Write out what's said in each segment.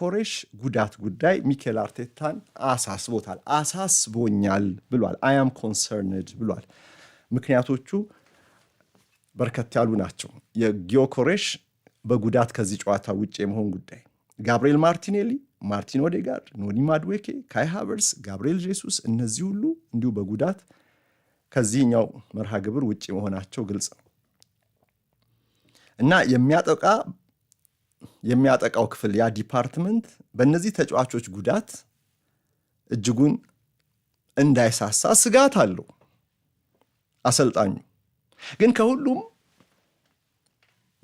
የኮሬሽ ጉዳት ጉዳይ ሚኬል አርቴታን አሳስቦታል። አሳስቦኛል ብሏል። አያም ኮንሰርንድ ብሏል። ምክንያቶቹ በርከት ያሉ ናቸው። የጊዮ ኮሬሽ በጉዳት ከዚህ ጨዋታ ውጭ የመሆን ጉዳይ፣ ጋብርኤል ማርቲኔሊ፣ ማርቲን ኦዴጋርድ፣ ኖኒ ማድዌኬ፣ ካይ ሃቨርስ፣ ጋብርኤል ጄሱስ እነዚህ ሁሉ እንዲሁ በጉዳት ከዚህኛው መርሃ ግብር ውጭ መሆናቸው ግልጽ ነው እና የሚያጠቃ የሚያጠቃው ክፍል ያ ዲፓርትመንት በእነዚህ ተጫዋቾች ጉዳት እጅጉን እንዳይሳሳ ስጋት አለው አሰልጣኙ። ግን ከሁሉም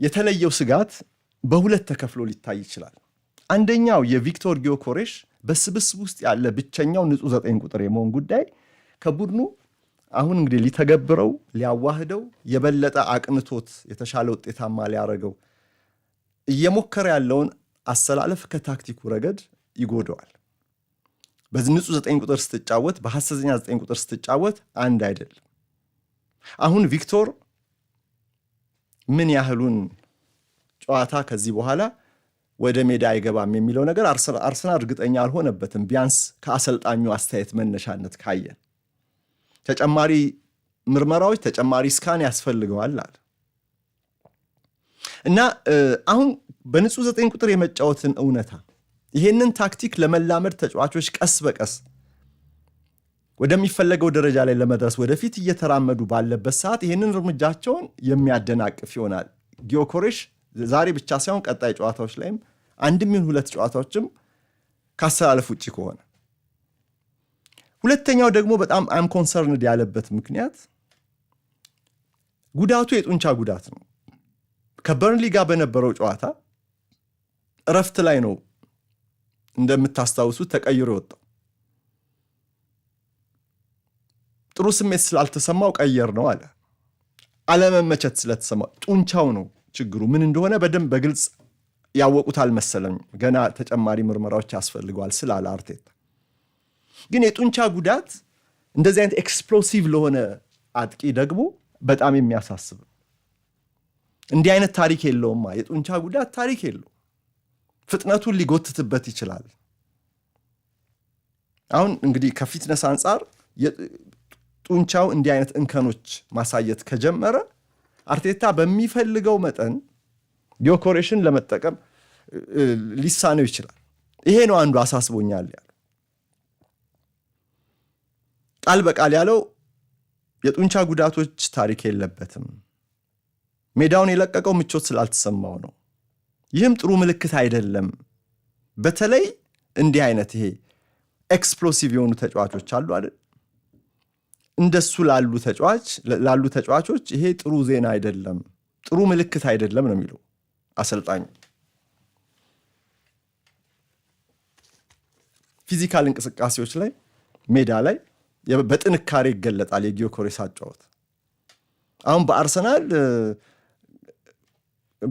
የተለየው ስጋት በሁለት ተከፍሎ ሊታይ ይችላል። አንደኛው የቪክቶር ጊዮኮሬሽ በስብስብ ውስጥ ያለ ብቸኛው ንጹህ ዘጠኝ ቁጥር የመሆን ጉዳይ ከቡድኑ አሁን እንግዲህ ሊተገብረው ሊያዋህደው የበለጠ አቅንቶት የተሻለ ውጤታማ ሊያደረገው እየሞከረ ያለውን አሰላለፍ ከታክቲኩ ረገድ ይጎደዋል። በዚህ ንጹህ ዘጠኝ ቁጥር ስትጫወት በሐሰተኛ ዘጠኝ ቁጥር ስትጫወት አንድ አይደለም። አሁን ቪክቶር ምን ያህሉን ጨዋታ ከዚህ በኋላ ወደ ሜዳ አይገባም የሚለው ነገር አርሰናል እርግጠኛ አልሆነበትም። ቢያንስ ከአሰልጣኙ አስተያየት መነሻነት ካየን ተጨማሪ ምርመራዎች፣ ተጨማሪ ስካን ያስፈልገዋል አለ። እና አሁን በንጹህ ዘጠኝ ቁጥር የመጫወትን እውነታ ይሄንን ታክቲክ ለመላመድ ተጫዋቾች ቀስ በቀስ ወደሚፈለገው ደረጃ ላይ ለመድረስ ወደፊት እየተራመዱ ባለበት ሰዓት ይህንን እርምጃቸውን የሚያደናቅፍ ይሆናል። ጊዮኮሬሽ ዛሬ ብቻ ሳይሆን ቀጣይ ጨዋታዎች ላይም አንድም ይሁን ሁለት ጨዋታዎችም ካሰላለፍ ውጭ ከሆነ ሁለተኛው ደግሞ በጣም አም ኮንሰርንድ ያለበት ምክንያት ጉዳቱ የጡንቻ ጉዳት ነው። ከበርንሊ ጋር በነበረው ጨዋታ እረፍት ላይ ነው እንደምታስታውሱት ተቀይሮ የወጣው። ጥሩ ስሜት ስላልተሰማው ቀየር ነው አለ። አለመመቸት ስለተሰማ ጡንቻው ነው ችግሩ። ምን እንደሆነ በደንብ በግልጽ ያወቁት አልመሰለኝ። ገና ተጨማሪ ምርመራዎች ያስፈልገዋል ስላለ አርቴት ግን የጡንቻ ጉዳት እንደዚህ አይነት ኤክስፕሎሲቭ ለሆነ አጥቂ ደግሞ በጣም የሚያሳስብ እንዲህ አይነት ታሪክ የለውማ። የጡንቻ ጉዳት ታሪክ የለው። ፍጥነቱን ሊጎትትበት ይችላል። አሁን እንግዲህ ከፊትነስ አንጻር ጡንቻው እንዲህ አይነት እንከኖች ማሳየት ከጀመረ አርቴታ በሚፈልገው መጠን ዲኮሬሽን ለመጠቀም ሊሳነው ይችላል። ይሄ ነው አንዱ አሳስቦኛል ያለ ቃል በቃል ያለው የጡንቻ ጉዳቶች ታሪክ የለበትም። ሜዳውን የለቀቀው ምቾት ስላልተሰማው ነው። ይህም ጥሩ ምልክት አይደለም። በተለይ እንዲህ አይነት ይሄ ኤክስፕሎሲቭ የሆኑ ተጫዋቾች አሉ አይደል? እንደሱ ላሉ ተጫዋች ላሉ ተጫዋቾች ይሄ ጥሩ ዜና አይደለም፣ ጥሩ ምልክት አይደለም ነው የሚለው አሰልጣኙ። ፊዚካል እንቅስቃሴዎች ላይ ሜዳ ላይ በጥንካሬ ይገለጣል የጊዮኮሬስ አጫወት አሁን በአርሰናል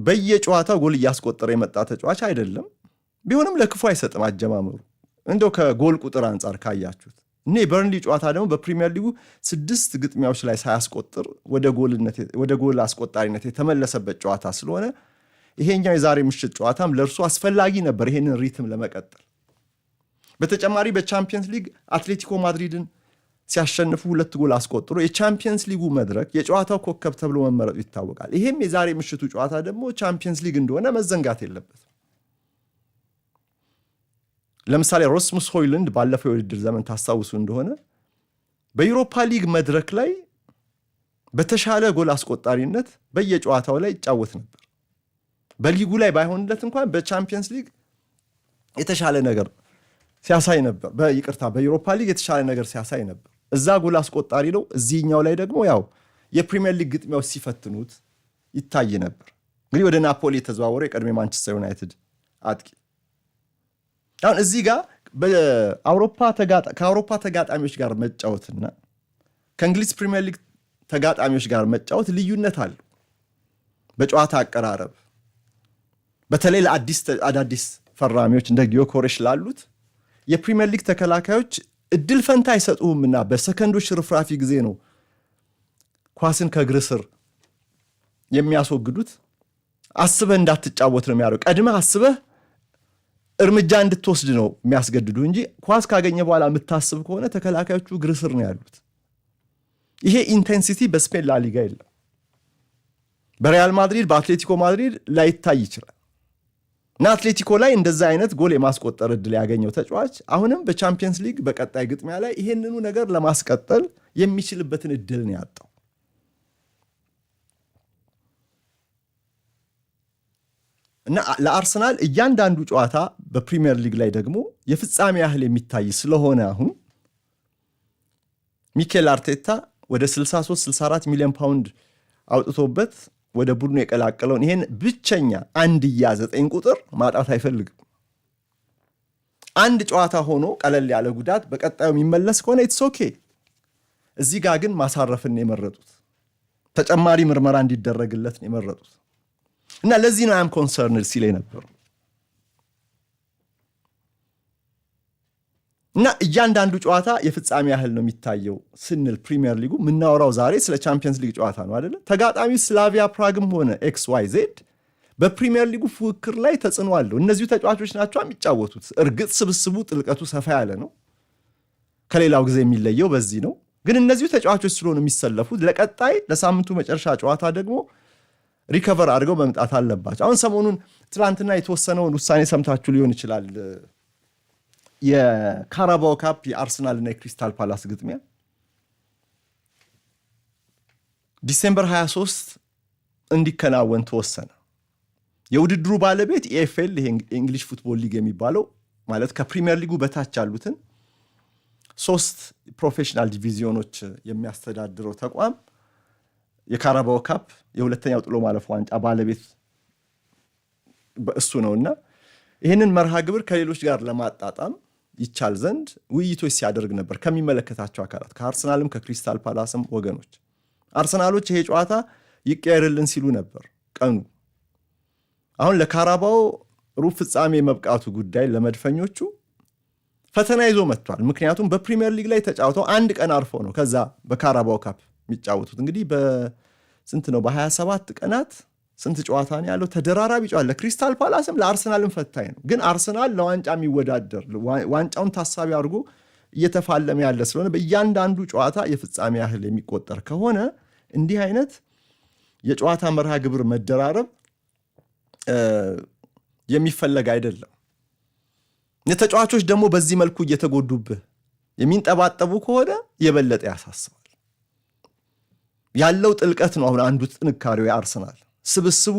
በየጨዋታው ጎል እያስቆጠረ የመጣ ተጫዋች አይደለም። ቢሆንም ለክፉ አይሰጥም አጀማመሩ እንደው ከጎል ቁጥር አንጻር ካያችሁት እኔ በርንሊ ጨዋታ ደግሞ በፕሪሚየር ሊጉ ስድስት ግጥሚያዎች ላይ ሳያስቆጥር ወደ ጎል አስቆጣሪነት የተመለሰበት ጨዋታ ስለሆነ ይሄኛው የዛሬ ምሽት ጨዋታም ለእርሱ አስፈላጊ ነበር ይሄንን ሪትም ለመቀጠል። በተጨማሪ በቻምፒየንስ ሊግ አትሌቲኮ ማድሪድን ሲያሸንፉ ሁለት ጎል አስቆጥሮ የቻምፒየንስ ሊጉ መድረክ የጨዋታው ኮከብ ተብሎ መመረጡ ይታወቃል። ይሄም የዛሬ ምሽቱ ጨዋታ ደግሞ ቻምፒየንስ ሊግ እንደሆነ መዘንጋት የለበትም። ለምሳሌ ሮስሙስ ሆይልንድ ባለፈው የውድድር ዘመን ታስታውሱ እንደሆነ በዩሮፓ ሊግ መድረክ ላይ በተሻለ ጎል አስቆጣሪነት በየጨዋታው ላይ ይጫወት ነበር። በሊጉ ላይ ባይሆንለት እንኳን በቻምፒየንስ ሊግ የተሻለ ነገር ሲያሳይ ነበር። በይቅርታ በዩሮፓ ሊግ የተሻለ ነገር ሲያሳይ ነበር። እዛ ጎል አስቆጣሪ ነው። እዚህኛው ላይ ደግሞ ያው የፕሪሚየር ሊግ ግጥሚያው ሲፈትኑት ይታይ ነበር። እንግዲህ ወደ ናፖሊ የተዘዋወረው የቀድሞ ማንቸስተር ዩናይትድ አጥቂ አሁን እዚህ ጋር ከአውሮፓ ተጋጣሚዎች ጋር መጫወትና ከእንግሊዝ ፕሪሚየር ሊግ ተጋጣሚዎች ጋር መጫወት ልዩነት አለው። በጨዋታ አቀራረብ በተለይ ለአዳዲስ ፈራሚዎች እንደ ጊዮኮሬሽ ላሉት የፕሪሚየር ሊግ ተከላካዮች እድል ፈንታ አይሰጡህምና በሰከንዶች ርፍራፊ ጊዜ ነው ኳስን ከእግር ስር የሚያስወግዱት። አስበህ እንዳትጫወት ነው የሚያደርገው። ቀድመህ አስበህ እርምጃ እንድትወስድ ነው የሚያስገድዱ እንጂ ኳስ ካገኘ በኋላ የምታስብ ከሆነ ተከላካዮቹ እግር ስር ነው ያሉት። ይሄ ኢንቴንሲቲ በስፔን ላሊጋ የለም። በሪያል ማድሪድ፣ በአትሌቲኮ ማድሪድ ላይታይ ይችላል። እና አትሌቲኮ ላይ እንደዛ አይነት ጎል የማስቆጠር እድል ያገኘው ተጫዋች አሁንም በቻምፒየንስ ሊግ በቀጣይ ግጥሚያ ላይ ይሄንኑ ነገር ለማስቀጠል የሚችልበትን እድል ነው ያጣው። እና ለአርሰናል እያንዳንዱ ጨዋታ በፕሪሚየር ሊግ ላይ ደግሞ የፍጻሜ ያህል የሚታይ ስለሆነ አሁን ሚኬል አርቴታ ወደ 63 64 ሚሊዮን ፓውንድ አውጥቶበት ወደ ቡድኑ የቀላቀለውን ይሄን ብቸኛ አንድያ ዘጠኝ ቁጥር ማጣት አይፈልግም። አንድ ጨዋታ ሆኖ ቀለል ያለ ጉዳት በቀጣዩ የሚመለስ ከሆነ ኢትስ ኦኬ። እዚህ ጋር ግን ማሳረፍን የመረጡት ተጨማሪ ምርመራ እንዲደረግለት የመረጡት እና ለዚህ ነው አም ኮንሰርንድ ሲል ነበሩ። እና እያንዳንዱ ጨዋታ የፍጻሜ ያህል ነው የሚታየው ስንል ፕሪሚየር ሊጉ የምናወራው ዛሬ ስለ ቻምፒየንስ ሊግ ጨዋታ ነው አይደለ? ተጋጣሚው ስላቪያ ፕራግም ሆነ ኤክስ ዋይ ዜድ በፕሪሚየር ሊጉ ፉክክር ላይ ተጽዕኖ አለው። እነዚሁ ተጫዋቾች ናቸው የሚጫወቱት። እርግጥ ስብስቡ ጥልቀቱ ሰፋ ያለ ነው፣ ከሌላው ጊዜ የሚለየው በዚህ ነው። ግን እነዚሁ ተጫዋቾች ስለሆኑ የሚሰለፉት ለቀጣይ ለሳምንቱ መጨረሻ ጨዋታ ደግሞ ሪከቨር አድርገው መምጣት አለባቸው። አሁን ሰሞኑን ትላንትና የተወሰነውን ውሳኔ ሰምታችሁ ሊሆን ይችላል። የካራባው ካፕ የአርሰናል እና የክሪስታል ፓላስ ግጥሚያ ዲሴምበር 23 እንዲከናወን ተወሰነ። የውድድሩ ባለቤት ኢኤፍኤል የእንግሊሽ ፉትቦል ሊግ የሚባለው ማለት ከፕሪሚየር ሊጉ በታች ያሉትን ሶስት ፕሮፌሽናል ዲቪዚዮኖች የሚያስተዳድረው ተቋም የካራባው ካፕ የሁለተኛው ጥሎ ማለፍ ዋንጫ ባለቤት በእሱ እና ይህንን መርሃ ግብር ከሌሎች ጋር ለማጣጣም ይቻል ዘንድ ውይይቶች ሲያደርግ ነበር ከሚመለከታቸው አካላት ከአርሰናልም ከክሪስታል ፓላስም ወገኖች። አርሰናሎች ይሄ ጨዋታ ይቀየርልን ሲሉ ነበር። ቀኑ አሁን ለካራባው ሩብ ፍጻሜ መብቃቱ ጉዳይ ለመድፈኞቹ ፈተና ይዞ መጥቷል። ምክንያቱም በፕሪሚየር ሊግ ላይ ተጫውተው አንድ ቀን አርፎ ነው ከዛ በካራባው ካፕ የሚጫወቱት እንግዲህ በስንት ነው በ27 ቀናት ስንት ጨዋታ ነው ያለው? ተደራራቢ ጨዋታ ለክሪስታል ፓላስም ለአርሰናልም ፈታኝ ነው። ግን አርሰናል ለዋንጫ የሚወዳደር ዋንጫውን ታሳቢ አድርጎ እየተፋለመ ያለ ስለሆነ በእያንዳንዱ ጨዋታ የፍጻሜ ያህል የሚቆጠር ከሆነ እንዲህ አይነት የጨዋታ መርሃ ግብር መደራረብ የሚፈለግ አይደለም። የተጫዋቾች ደግሞ በዚህ መልኩ እየተጎዱብህ የሚንጠባጠቡ ከሆነ የበለጠ ያሳስባል። ያለው ጥልቀት ነው አሁን አንዱ ጥንካሬው የአርሰናል ስብስቡ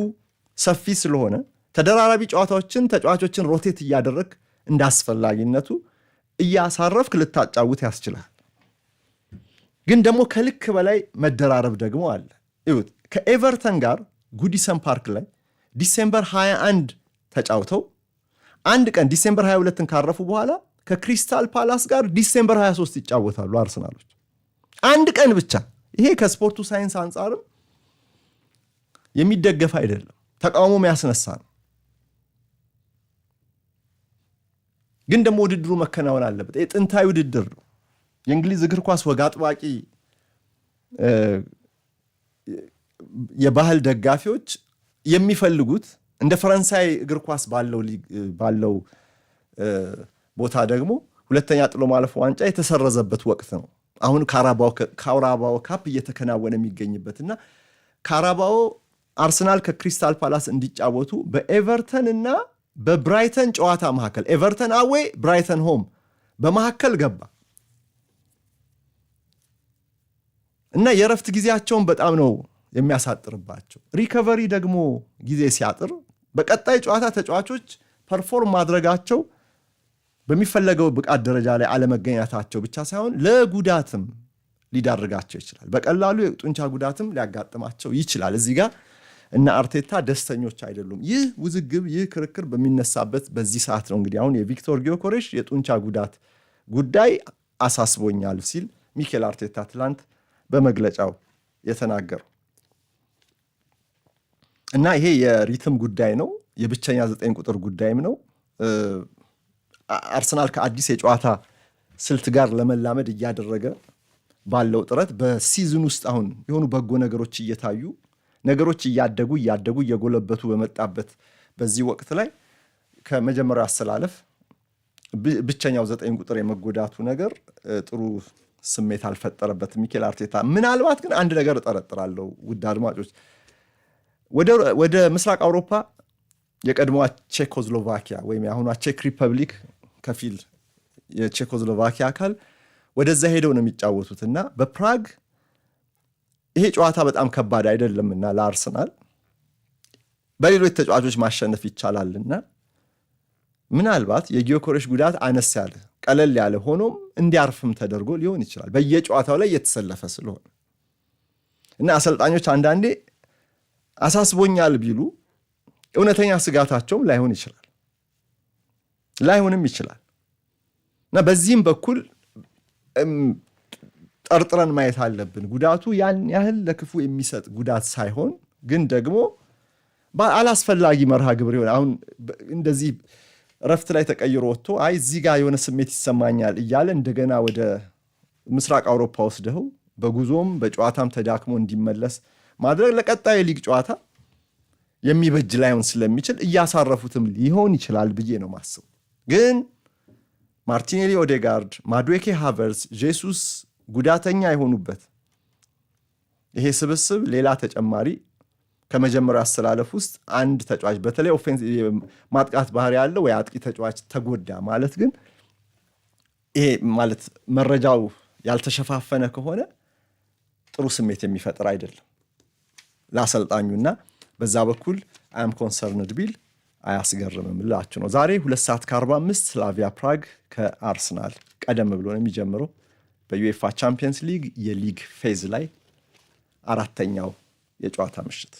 ሰፊ ስለሆነ ተደራራቢ ጨዋታዎችን ተጫዋቾችን ሮቴት እያደረግ እንዳስፈላጊነቱ እያሳረፍክ ልታጫውት ያስችላል። ግን ደግሞ ከልክ በላይ መደራረብ ደግሞ አለ። ይሁት ከኤቨርተን ጋር ጉዲሰን ፓርክ ላይ ዲሴምበር 21 ተጫውተው አንድ ቀን ዲሴምበር 22ን ካረፉ በኋላ ከክሪስታል ፓላስ ጋር ዲሴምበር 23 ይጫወታሉ አርሰናሎች። አንድ ቀን ብቻ። ይሄ ከስፖርቱ ሳይንስ አንጻርም የሚደገፍ አይደለም፣ ተቃውሞ የሚያስነሳ ነው። ግን ደግሞ ውድድሩ መከናወን አለበት። የጥንታዊ ውድድር ነው። የእንግሊዝ እግር ኳስ ወግ አጥባቂ የባህል ደጋፊዎች የሚፈልጉት እንደ ፈረንሳይ እግር ኳስ ባለው ቦታ ደግሞ ሁለተኛ ጥሎ ማለፍ ዋንጫ የተሰረዘበት ወቅት ነው። አሁን ከአራባው ካፕ እየተከናወነ የሚገኝበትና ከአራባው አርሰናል ከክሪስታል ፓላስ እንዲጫወቱ በኤቨርተን እና በብራይተን ጨዋታ መካከል ኤቨርተን አዌ ብራይተን ሆም በመካከል ገባ እና የእረፍት ጊዜያቸውን በጣም ነው የሚያሳጥርባቸው። ሪከቨሪ ደግሞ ጊዜ ሲያጥር በቀጣይ ጨዋታ ተጫዋቾች ፐርፎርም ማድረጋቸው በሚፈለገው ብቃት ደረጃ ላይ አለመገኘታቸው ብቻ ሳይሆን ለጉዳትም ሊዳርጋቸው ይችላል። በቀላሉ የጡንቻ ጉዳትም ሊያጋጥማቸው ይችላል እዚህ ጋር እና አርቴታ ደስተኞች አይደሉም። ይህ ውዝግብ ይህ ክርክር በሚነሳበት በዚህ ሰዓት ነው እንግዲህ አሁን የቪክቶር ጊዮኮሬሽ የጡንቻ ጉዳት ጉዳይ አሳስቦኛል ሲል ሚኬል አርቴታ ትላንት በመግለጫው የተናገረው እና ይሄ የሪትም ጉዳይ ነው፣ የብቸኛ ዘጠኝ ቁጥር ጉዳይም ነው። አርሰናል ከአዲስ የጨዋታ ስልት ጋር ለመላመድ እያደረገ ባለው ጥረት በሲዝን ውስጥ አሁን የሆኑ በጎ ነገሮች እየታዩ ነገሮች እያደጉ እያደጉ እየጎለበቱ በመጣበት በዚህ ወቅት ላይ ከመጀመሪያው አሰላለፍ ብቸኛው ዘጠኝ ቁጥር የመጎዳቱ ነገር ጥሩ ስሜት አልፈጠረበት ሚኬል አርቴታ። ምናልባት ግን አንድ ነገር እጠረጥራለሁ፣ ውድ አድማጮች፣ ወደ ምስራቅ አውሮፓ የቀድሞዋ ቼኮስሎቫኪያ ወይም የአሁኗ ቼክ ሪፐብሊክ ከፊል የቼኮስሎቫኪያ አካል ወደዛ ሄደው ነው የሚጫወቱት እና በፕራግ ይሄ ጨዋታ በጣም ከባድ አይደለምና ለአርሰናል በሌሎች ተጫዋቾች ማሸነፍ ይቻላልና ምናልባት የጊዮኮሬሽ ጉዳት አነስ ያለ ቀለል ያለ ሆኖም እንዲያርፍም ተደርጎ ሊሆን ይችላል በየጨዋታው ላይ እየተሰለፈ ስለሆነ እና አሰልጣኞች አንዳንዴ አሳስቦኛል ቢሉ እውነተኛ ስጋታቸውም ላይሆን ይችላል ላይሆንም ይችላል እና በዚህም በኩል ጠርጥረን ማየት አለብን። ጉዳቱ ያን ያህል ለክፉ የሚሰጥ ጉዳት ሳይሆን ግን ደግሞ አላስፈላጊ መርሃ ግብር ይሆን አሁን እንደዚህ እረፍት ላይ ተቀይሮ ወጥቶ አይ እዚህ ጋር የሆነ ስሜት ይሰማኛል እያለ እንደገና ወደ ምስራቅ አውሮፓ ወስደው በጉዞም በጨዋታም ተዳክሞ እንዲመለስ ማድረግ ለቀጣይ ሊግ ጨዋታ የሚበጅ ላይሆን ስለሚችል እያሳረፉትም ሊሆን ይችላል ብዬ ነው ማስቡ። ግን ማርቲኔሊ ኦዴጋርድ፣ ማድዌኬ ሃቨርስ፣ ጄሱስ ጉዳተኛ የሆኑበት ይሄ ስብስብ ሌላ ተጨማሪ ከመጀመሪያው አሰላለፍ ውስጥ አንድ ተጫዋች በተለይ ማጥቃት ባህሪ ያለው ወይ አጥቂ ተጫዋች ተጎዳ ማለት ግን ይሄ ማለት መረጃው ያልተሸፋፈነ ከሆነ ጥሩ ስሜት የሚፈጥር አይደለም ለአሰልጣኙና በዛ በኩል አም ኮንሰርንድ ቢል አያስገርምም ልላችሁ ነው። ዛሬ ሁለት ሰዓት ከ45 ስላቪያ ፕራግ ከአርሰናል ቀደም ብሎ ነው የሚጀምረው። በዩኤፋ ቻምፒየንስ ሊግ የሊግ ፌዝ ላይ አራተኛው የጨዋታ ምሽት